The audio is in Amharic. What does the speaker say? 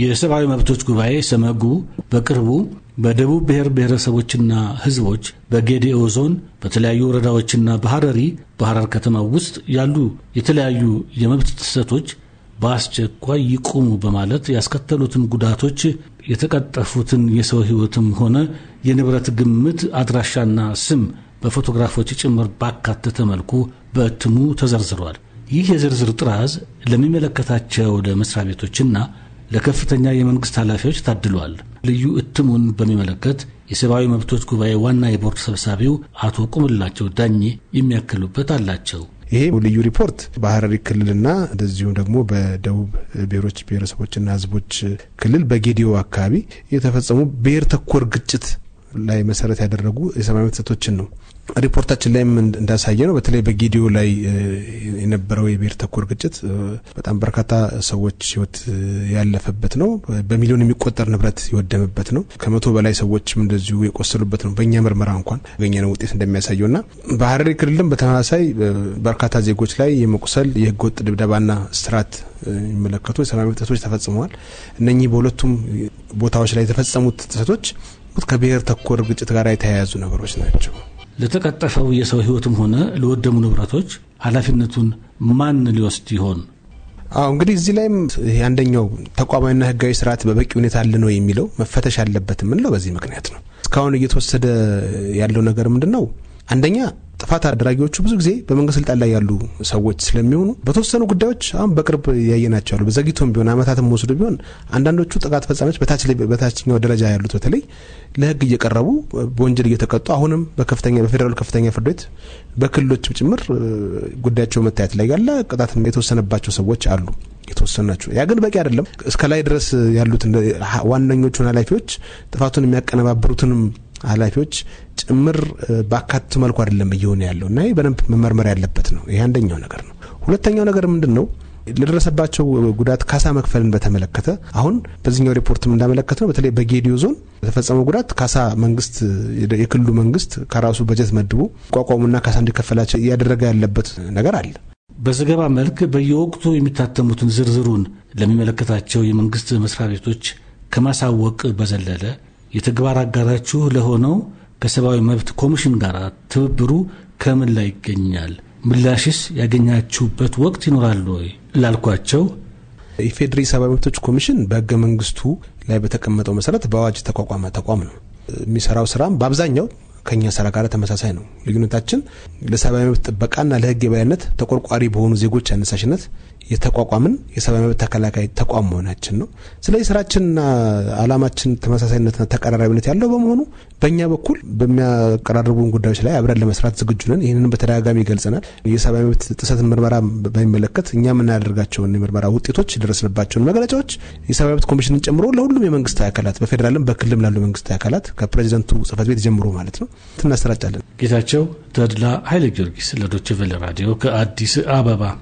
የሰብአዊ መብቶች ጉባኤ ሰመጉ በቅርቡ በደቡብ ብሔር ብሔረሰቦችና ሕዝቦች በጌዲኦ ዞን በተለያዩ ወረዳዎችና በሐረሪ በሐረር ከተማ ውስጥ ያሉ የተለያዩ የመብት ጥሰቶች በአስቸኳይ ይቁሙ በማለት ያስከተሉትን ጉዳቶች የተቀጠፉትን የሰው ሕይወትም ሆነ የንብረት ግምት አድራሻና ስም በፎቶግራፎች ጭምር ባካተተ መልኩ በእትሙ ተዘርዝሯል። ይህ የዝርዝር ጥራዝ ለሚመለከታቸው ለመስሪያ ቤቶችና ለከፍተኛ የመንግስት ኃላፊዎች ታድሏል። ልዩ እትሙን በሚመለከት የሰብአዊ መብቶች ጉባኤ ዋና የቦርድ ሰብሳቢው አቶ ቁምላቸው ዳኜ የሚያክሉበት አላቸው። ይሄ ልዩ ሪፖርት በሀረሪ ክልልና እንደዚሁም ደግሞ በደቡብ ብሔሮች ብሔረሰቦችና ህዝቦች ክልል በጌዲዮ አካባቢ የተፈጸሙ ብሔር ተኮር ግጭት ላይ መሰረት ያደረጉ የሰብአዊ መብት ጥሰቶችን ነው ሪፖርታችን ላይም እንዳሳየ ነው በተለይ በጌዲዮ ላይ የነበረው የብሔር ተኮር ግጭት በጣም በርካታ ሰዎች ህይወት ያለፈበት ነው። በሚሊዮን የሚቆጠር ንብረት የወደመበት ነው። ከመቶ በላይ ሰዎችም እንደዚሁ የቆሰሉበት ነው። በእኛ ምርመራ እንኳን ያገኘነው ውጤት እንደሚያሳየው እና በሀረሪ ክልልም በተመሳሳይ በርካታ ዜጎች ላይ የመቁሰል የህገወጥ ድብደባና ስራት የሚመለከቱ የሰብአዊ መብት ጥሰቶች ተፈጽመዋል። እነኚህ በሁለቱም ቦታዎች ላይ የተፈጸሙት ጥሰቶች ከብሔር ተኮር ግጭት ጋር የተያያዙ ነገሮች ናቸው። ለተቀጠፈው የሰው ህይወትም ሆነ ለወደሙ ንብረቶች ኃላፊነቱን ማን ሊወስድ ይሆን? አዎ እንግዲህ እዚህ ላይም አንደኛው ተቋማዊና ህጋዊ ስርዓት በበቂ ሁኔታ አለ ነው የሚለው መፈተሽ አለበት የምንለው በዚህ ምክንያት ነው። እስካሁን እየተወሰደ ያለው ነገር ምንድን ነው? አንደኛ ጥፋት አድራጊዎቹ ብዙ ጊዜ በመንግስት ስልጣን ላይ ያሉ ሰዎች ስለሚሆኑ በተወሰኑ ጉዳዮች አሁን በቅርብ ያየናቸው አሉ። ዘግይቶም ቢሆን አመታትም ወስዶ ቢሆን አንዳንዶቹ ጥቃት ፈጻሚዎች በታችኛው ደረጃ ያሉት በተለይ ለህግ እየቀረቡ በወንጀል እየተቀጡ አሁንም በከፍተኛ በፌዴራሉ ከፍተኛ ፍርድ ቤት በክልሎችም ጭምር ጉዳያቸው መታየት ላይ ያለ ቅጣት የተወሰነባቸው ሰዎች አሉ። የተወሰናቸው ያ ግን በቂ አይደለም። እስከ ላይ ድረስ ያሉት ዋነኞቹን ኃላፊዎች ጥፋቱን የሚያቀነባብሩትንም ኃላፊዎች ጭምር በአካቱ መልኩ አይደለም እየሆነ ያለው እና ይህ በደንብ መመርመር ያለበት ነው። ይህ አንደኛው ነገር ነው። ሁለተኛው ነገር ምንድን ነው? ለደረሰባቸው ጉዳት ካሳ መክፈልን በተመለከተ አሁን በዚህኛው ሪፖርትም እንዳመለከት ነው በተለይ በጌዲዮ ዞን ለተፈጸመው ጉዳት ካሳ መንግስት የክልሉ መንግስት ከራሱ በጀት መድቦ ቋቋሙና ካሳ እንዲከፈላቸው እያደረገ ያለበት ነገር አለ። በዘገባ መልክ በየወቅቱ የሚታተሙትን ዝርዝሩን ለሚመለከታቸው የመንግስት መስሪያ ቤቶች ከማሳወቅ በዘለለ የተግባር አጋራችሁ ለሆነው ከሰብአዊ መብት ኮሚሽን ጋር ትብብሩ ከምን ላይ ይገኛል? ምላሽስ ያገኛችሁበት ወቅት ይኖራል ወይ ላልኳቸው ኢፌዴሪ ሰብአዊ መብቶች ኮሚሽን በህገ መንግስቱ ላይ በተቀመጠው መሰረት በአዋጅ የተቋቋመ ተቋም ነው። የሚሰራው ስራም በአብዛኛው ከኛ ስራ ጋር ተመሳሳይ ነው። ልዩነታችን ለሰብአዊ መብት ጥበቃና ለህግ የበላይነት ተቆርቋሪ በሆኑ ዜጎች አነሳሽነት የተቋቋምን የሰብአዊ መብት ተከላካይ ተቋም መሆናችን ነው። ስለዚህ ስራችንና አላማችን ተመሳሳይነትና ተቀራራቢነት ያለው በመሆኑ በእኛ በኩል በሚያቀራርቡን ጉዳዮች ላይ አብረን ለመስራት ዝግጁ ነን። ይህንን በተደጋጋሚ ይገልጸናል። የሰብአዊ መብት ጥሰትን ምርመራ በሚመለከት እኛ የምናደርጋቸውን የምርመራ ውጤቶች፣ የደረስንባቸውን መግለጫዎች የሰብአዊ መብት ኮሚሽንን ጨምሮ ለሁሉም የመንግስታዊ አካላት በፌዴራልም በክልልም ላሉ መንግስታዊ አካላት ከፕሬዚደንቱ ጽህፈት ቤት ጀምሮ ማለት ነው እናሰራጫለን። ጌታቸው ተድላ ኃይለ ጊዮርጊስ ለዶችቨለ ራዲዮ ከአዲስ አበባ